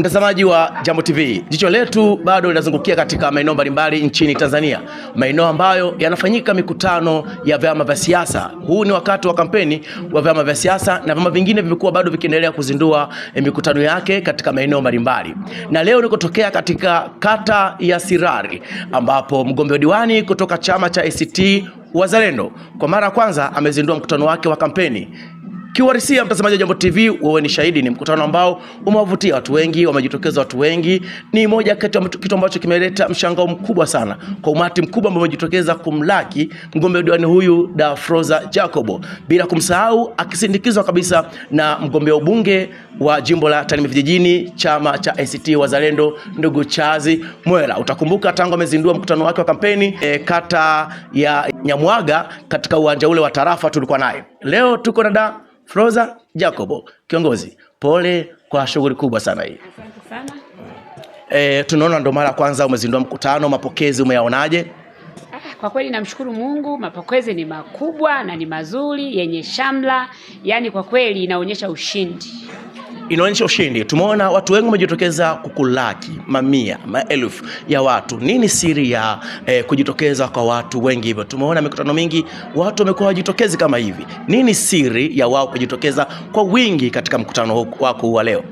Mtazamaji wa Jambo TV, jicho letu bado linazungukia katika maeneo mbalimbali nchini Tanzania, maeneo ambayo yanafanyika mikutano ya vyama vya siasa. Huu ni wakati wa kampeni wa vyama vya siasa, na vyama vingine vimekuwa bado vikiendelea kuzindua eh, mikutano yake katika maeneo mbalimbali, na leo nikotokea katika kata ya Sirari ambapo mgombea diwani kutoka chama cha ACT Wazalendo kwa mara ya kwanza amezindua mkutano wake wa kampeni Kiuhalisia, mtazamaji wa Jambo TV, wewe ni shahidi, ni mkutano ambao umewavutia watu wengi, wamejitokeza watu wengi. Ni moja kati ya kitu ambacho kimeleta mshangao mkubwa sana kwa umati mkubwa ambao umejitokeza kumlaki mgombea diwani huyu Dafroza Jacobo, bila kumsahau akisindikizwa kabisa na mgombea ubunge wa jimbo la Tarime Vijijini, chama cha ACT Wazalendo, ndugu Chazi Mwera. Utakumbuka tangu amezindua mkutano wake wa kampeni e, kata ya Nyamwaga katika uwanja ule wa tarafa tulikuwa naye. Leo tuko na Froza Jacobo, kiongozi, pole kwa shughuli kubwa sana hii. Asante sana. E, tunaona ndo mara kwanza umezindua mkutano, mapokezi umeyaonaje? Kwa kweli namshukuru Mungu, mapokezi ni makubwa na ni mazuri yenye shamla, yaani kwa kweli inaonyesha ushindi inaonyesha ushindi. Tumeona watu wengi wamejitokeza kukulaki, mamia maelfu ya watu. Nini siri ya eh, kujitokeza kwa watu wengi hivyo? Tumeona mikutano mingi watu wamekuwa wajitokezi kama hivi. Nini siri ya wao kujitokeza kwa wingi katika mkutano wako wa leo?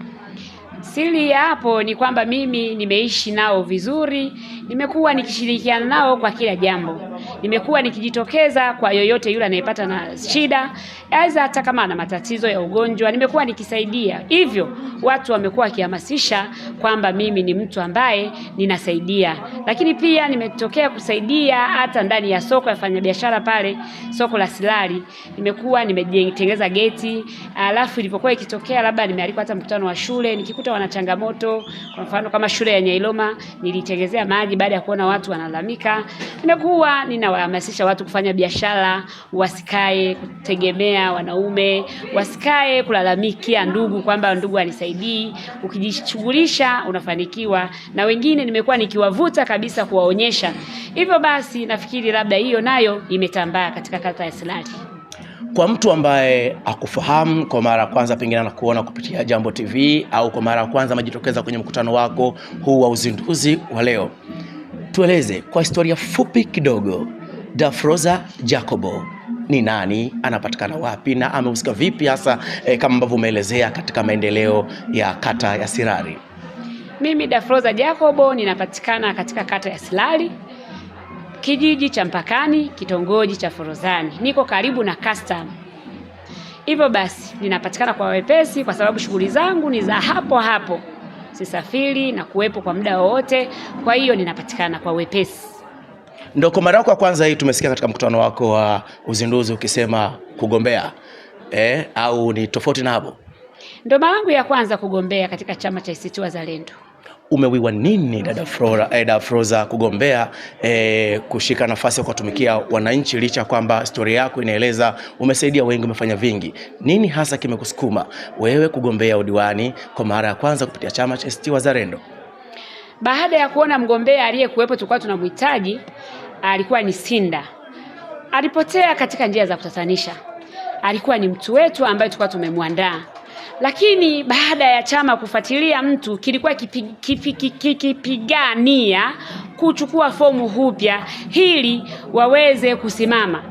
Siri ya hapo ni kwamba mimi nimeishi nao vizuri, nimekuwa nikishirikiana nao kwa kila jambo nimekuwa nikijitokeza kwa yoyote yule anayepata na shida, aidha hata kama ana matatizo ya ugonjwa, nimekuwa nikisaidia. Hivyo watu wamekuwa wakihamasisha kwamba mimi ni mtu ambaye ninasaidia, lakini pia nimetokea kusaidia hata ndani ya soko ya fanyabiashara pale soko la Silali, nimekuwa nimejitengeza geti, alafu ilipokuwa ikitokea labda nimealikwa hata mkutano wa shule, nikikuta wana changamoto, kwa mfano kama shule ya Nyailoma nilitengezea maji baada ya kuona watu wanalalamika, nimekuwa nina wahamasisha watu kufanya biashara, wasikae kutegemea wanaume, wasikae kulalamikia ndugu kwamba ndugu anisaidii Ukijishughulisha unafanikiwa, na wengine nimekuwa nikiwavuta kabisa kuwaonyesha. Hivyo basi nafikiri labda hiyo nayo imetambaa katika kata ya Silali. Kwa mtu ambaye akufahamu kwa mara ya kwanza, pengine anakuona kupitia Jambo TV au kwa mara ya kwanza amejitokeza kwenye mkutano wako huu wa uzinduzi wa leo, tueleze kwa historia fupi kidogo Dafroza Jacobo ni nani, anapatikana wapi na amehusika vipi hasa e, kama ambavyo umeelezea katika maendeleo ya kata ya Sirari? Mimi Dafroza Jacobo ninapatikana katika kata ya Sirari, kijiji cha Mpakani, kitongoji cha Forozani, niko karibu na custom. Hivyo basi ninapatikana kwa wepesi, kwa sababu shughuli zangu ni za hapo hapo, sisafiri na kuwepo kwa muda wowote, kwa hiyo ninapatikana kwa wepesi. Ndio kwa mara yako ya kwanza hii tumesikia katika mkutano wako wa uzinduzi ukisema kugombea eh, au ni tofauti na hapo? Ndio mara yangu ya kwanza kugombea katika chama cha ACT Wazalendo. Umewiwa nini dada Flora, eh, dada Froza kugombea eh, kushika nafasi ya kuwatumikia wananchi licha kwamba historia yako inaeleza umesaidia wengi, umefanya vingi. Nini hasa kimekusukuma wewe kugombea udiwani kwa mara ya kwanza kupitia chama cha ACT Wazalendo? Baada ya kuona mgombea aliyekuwepo tulikuwa tunamhitaji alikuwa ni Sinda, alipotea katika njia za kutatanisha. Alikuwa ni mtu wetu ambaye tulikuwa tumemwandaa, lakini baada ya chama kufuatilia mtu kilikuwa kipigania kuchukua fomu hupya ili waweze kusimama.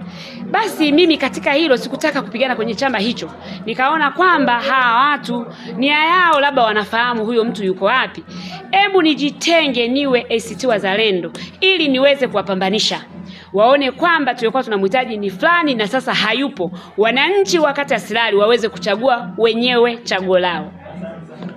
Basi mimi katika hilo sikutaka kupigana kwenye chama hicho, nikaona kwamba hawa watu nia yao labda wanafahamu huyo mtu yuko wapi, hebu nijitenge niwe ACT Wazalendo ili niweze kuwapambanisha waone kwamba tulikuwa tunamhitaji ni fulani na sasa hayupo. Wananchi wa kata ya sirari waweze kuchagua wenyewe chaguo lao.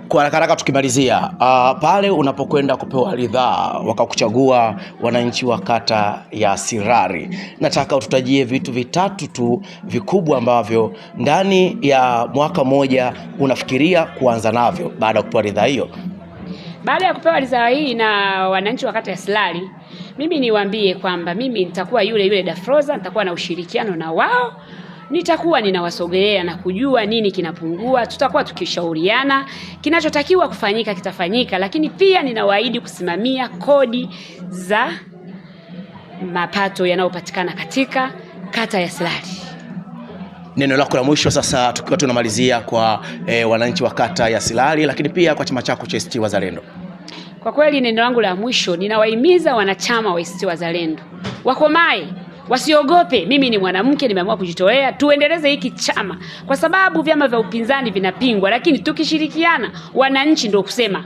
Kwa haraka haraka tukimalizia, uh, pale unapokwenda kupewa ridhaa wakakuchagua wananchi wa kata ya Sirari, nataka ututajie vitu vitatu tu vikubwa ambavyo ndani ya mwaka mmoja unafikiria kuanza navyo baada ya kupewa ridhaa hiyo. Baada ya kupewa ridhaa hii na wananchi wa kata ya Silali, mimi niwaambie kwamba mimi nitakuwa yule yule Dafroza, nitakuwa na ushirikiano na wao nitakuwa ninawasogelea na kujua nini kinapungua, tutakuwa tukishauriana, kinachotakiwa kufanyika kitafanyika, lakini pia ninawaahidi kusimamia kodi za mapato yanayopatikana katika kata ya Silali neno lako la mwisho sasa, tukiwa tunamalizia kwa e, wananchi wa kata ya Silali, lakini pia kwa chama chako cha ACT Wazalendo. Kwa kweli neno langu la mwisho, ninawahimiza wanachama wa ACT Wazalendo wakomae, wasiogope. Mimi ni mwanamke, nimeamua kujitolea, tuendeleze hiki chama, kwa sababu vyama vya upinzani vinapingwa, lakini tukishirikiana, wananchi ndio kusema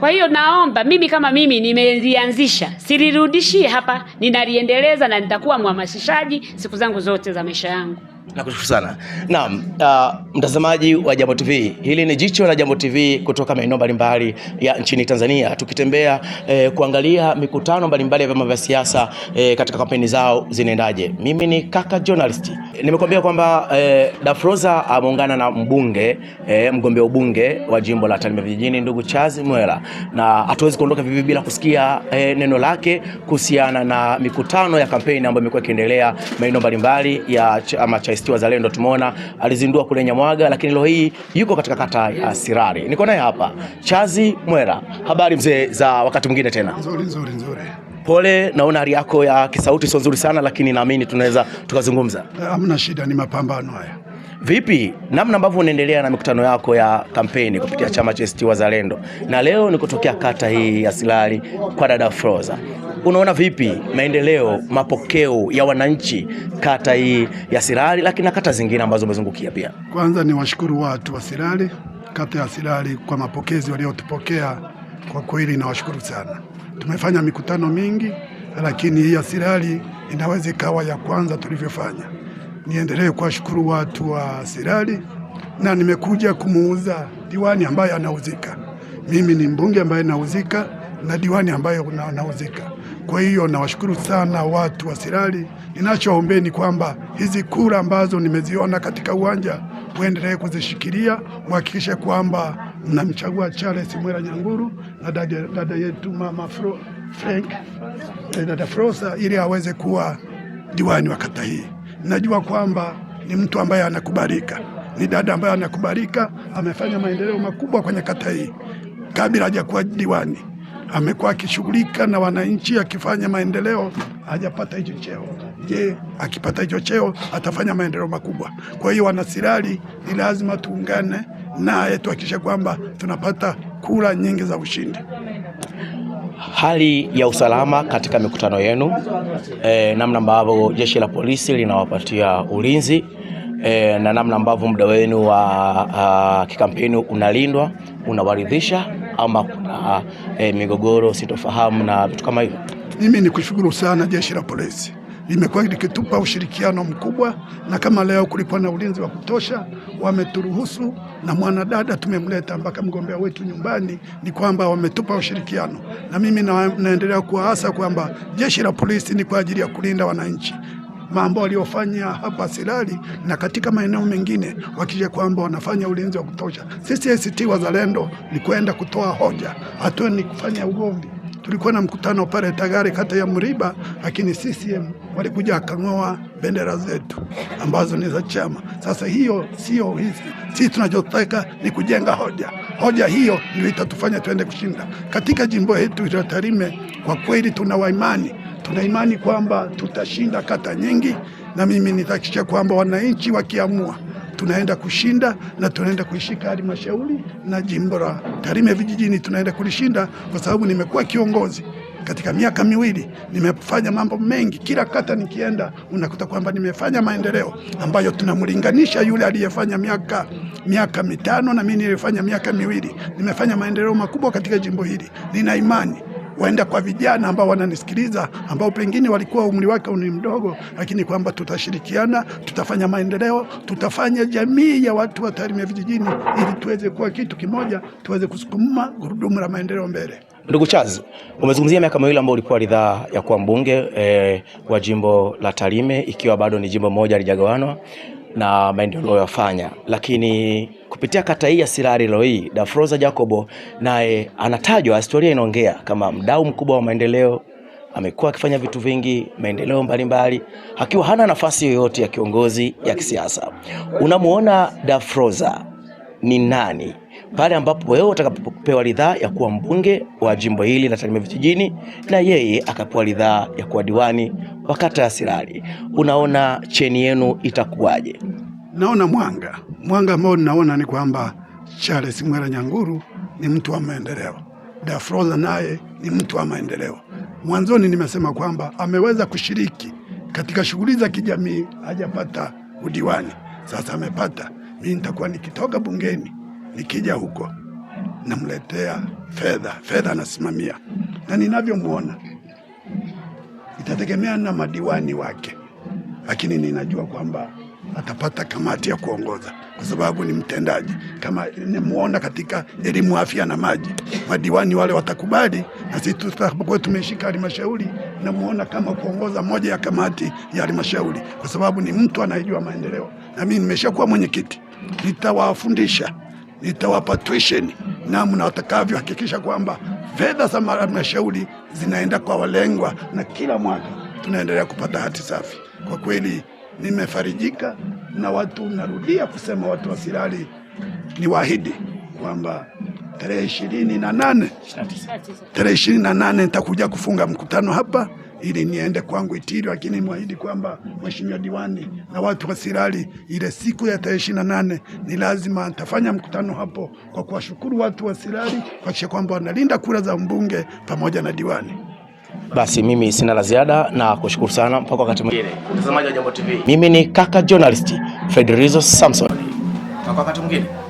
kwa hiyo naomba mimi kama mimi nimelianzisha, silirudishie hapa, ninaliendeleza na nitakuwa mhamasishaji siku zangu zote za maisha yangu. Nakushukuru sana. Naam, uh, mtazamaji wa Jambo TV, hili ni jicho la Jambo TV kutoka maeneo mbalimbali ya nchini Tanzania, tukitembea eh, kuangalia mikutano mbalimbali ya vyama vya siasa eh, katika kampeni zao zinaendaje. Mimi ni kaka journalist. Nimekuambia kwamba eh, Dafroza ameungana na mbunge eh, mgombea ubunge wa jimbo la Tarime vijijini ndugu Chazi Mwela, na hatuwezi kuondoka vivi bila kusikia eh, neno lake kuhusiana na mikutano ya kampeni ambayo imekuwa ikiendelea maeneo mbalimbali ya chama cha ACT Wazalendo tumeona alizindua kule Nyamwaga, lakini leo hii yuko katika kata ya Sirari. Niko naye hapa Chazi Mwera, habari mzee za wakati mwingine tena. Nzuri, nzuri, nzuri. Pole, naona hali yako ya kisauti sio nzuri sana, lakini naamini tunaweza tukazungumza. Hamna shida, ni mapambano haya. Vipi namna ambavyo unaendelea na mikutano yako ya kampeni kupitia chama cha ACT Wazalendo, na leo ni kutokea kata hii ya Silali kwa dada Froza, unaona vipi maendeleo, mapokeo ya wananchi kata hii ya Silali, lakini na kata zingine ambazo umezungukia pia? Kwanza ni washukuru watu wa Silali, kata ya Silali kwa mapokezi waliotupokea, kwa kweli nawashukuru sana. Tumefanya mikutano mingi, lakini hii ya Silali inaweza ikawa ya kwanza tulivyofanya niendelee kuwashukuru watu wa Sirari, na nimekuja kumuuza diwani ambaye anauzika. Mimi ni mbunge ambaye nauzika na diwani ambaye anauzika. Kwa hiyo nawashukuru sana watu wa Sirari. Ninachowaombeni kwamba hizi kura ambazo nimeziona katika uwanja muendelee kuzishikilia, muhakikishe kwamba mnamchagua Charles Mwera Nyanguru na dada, dada yetu mama Fro, Frank eh, dada Frosa ili aweze kuwa diwani wa kata hii najua kwamba ni mtu ambaye anakubalika, ni dada ambaye anakubalika, amefanya maendeleo makubwa kwenye kata hii kabla hajakuwa diwani amekuwa akishughulika na wananchi akifanya maendeleo, hajapata hicho cheo. Je, akipata hicho cheo atafanya maendeleo makubwa? Kwa hiyo wanasirali, ni lazima tuungane naye tuhakikishe kwamba tunapata kura nyingi za ushindi hali ya usalama katika mikutano yenu, e, namna ambavyo jeshi la polisi linawapatia ulinzi e, na namna ambavyo muda wenu wa ah, kikampeni unalindwa unawaridhisha, ama kuna e, migogoro sitofahamu na vitu kama hivyo? Mimi ni kushukuru sana jeshi la polisi limekuwa likitupa ushirikiano mkubwa, na kama leo kulikuwa na ulinzi wa kutosha, wameturuhusu na mwanadada tumemleta mpaka mgombea wetu nyumbani. Ni kwamba wametupa ushirikiano, na mimi na, naendelea kuwaasa kwamba jeshi la polisi ni kwa ajili ya kulinda wananchi mambo waliofanya hapa Sirari na katika maeneo mengine, wakija kwamba wanafanya ulinzi wa kutosha. Sisi ACT Wazalendo ni kwenda kutoa hoja, hatuwe ni kufanya ugomvi tulikuwa na mkutano pale Tagare kata ya Mriba, lakini CCM walikuja akang'oa bendera zetu ambazo ni za chama. Sasa hiyo sio hizi, sisi tunachotaka ni kujenga hoja. Hoja hiyo ndio itatufanya tuende kushinda katika jimbo letu la Tarime. Kwa kweli tuna waimani, tuna imani kwamba tutashinda kata nyingi, na mimi nitahakikisha kwamba wananchi wakiamua tunaenda kushinda na tunaenda kuishika halmashauri na jimbo la Tarime vijijini, tunaenda kulishinda kwa sababu nimekuwa kiongozi katika miaka miwili nimefanya mambo mengi. Kila kata nikienda, unakuta kwamba nimefanya maendeleo ambayo tunamlinganisha yule aliyefanya miaka miaka mitano na mimi nilifanya miaka miwili. Nimefanya maendeleo makubwa katika jimbo hili, nina imani huenda kwa vijana ambao wananisikiliza ambao pengine walikuwa umri wake ni mdogo, lakini kwamba tutashirikiana, tutafanya maendeleo, tutafanya jamii ya watu wa Tarime vijijini ili tuweze kuwa kitu kimoja, tuweze kusukuma gurudumu la maendeleo mbele. Ndugu Charles, umezungumzia miaka miwili ambayo ulikuwa ridhaa ya kuwa mbunge e, wa jimbo la Tarime, ikiwa bado ni jimbo moja lijagawanwa na maendeleo yafanya, lakini Kupitia kata hii ya Sirari leo hii, Dafroza Jacobo naye anatajwa, historia inaongea kama mdau mkubwa wa maendeleo. Amekuwa akifanya vitu vingi maendeleo mbalimbali, akiwa hana nafasi yoyote ya kiongozi ya kisiasa. Unamuona Dafroza ni nani pale ambapo wewe utakapopewa ridhaa ya kuwa mbunge wa jimbo hili la Tarime Vijijini na yeye akapewa ridhaa ya kuwa diwani wa kata ya Sirari, unaona cheni yenu itakuwaje? naona mwanga mwanga ambao ninaona ni kwamba Charles Mwera Nyanguru ni mtu wa maendeleo, Dafroza naye ni mtu wa maendeleo. Mwanzoni nimesema kwamba ameweza kushiriki katika shughuli za kijamii, hajapata udiwani, sasa amepata. Mimi nitakuwa nikitoka bungeni nikija huko namletea fedha, fedha anasimamia, na ninavyomuona itategemea na madiwani wake, lakini ninajua kwamba atapata kamati ya kuongoza, kwa sababu ni mtendaji. Kama nimuona katika elimu, afya na maji, madiwani wale watakubali, na sisi tutakuwa tumeshika halmashauri, namuona kama kuongoza moja ya kamati ya halmashauri, kwa sababu ni mtu anayejua maendeleo. Na mimi nimeshakuwa mwenyekiti, nitawafundisha nitawapa tuition namna watakavyohakikisha kwamba fedha za halmashauri zinaenda kwa walengwa, na kila mwaka tunaendelea kupata hati safi. Kwa kweli nimefarijika na watu, narudia kusema watu ni niwaahidi kwamba tarehe ishirini na nane tarehe ishirini na nane nitakuja kufunga mkutano hapa ili niende kwangu Itiri, lakini mwahidi kwamba mheshimiwa diwani na watu wa Sirali, ile siku ya tarehe ishirini na nane ni lazima nitafanya mkutano hapo kwa kuwashukuru watu wa Sirali kuhakikisha kwamba wanalinda kura za mbunge pamoja na diwani. Basi mimi sina la ziada na kushukuru sana mpaka wakati mwingine. Mtazamaji wa Jambo TV. Mimi ni kaka journalist Frederizo Samson. Mpaka wakati mwingine.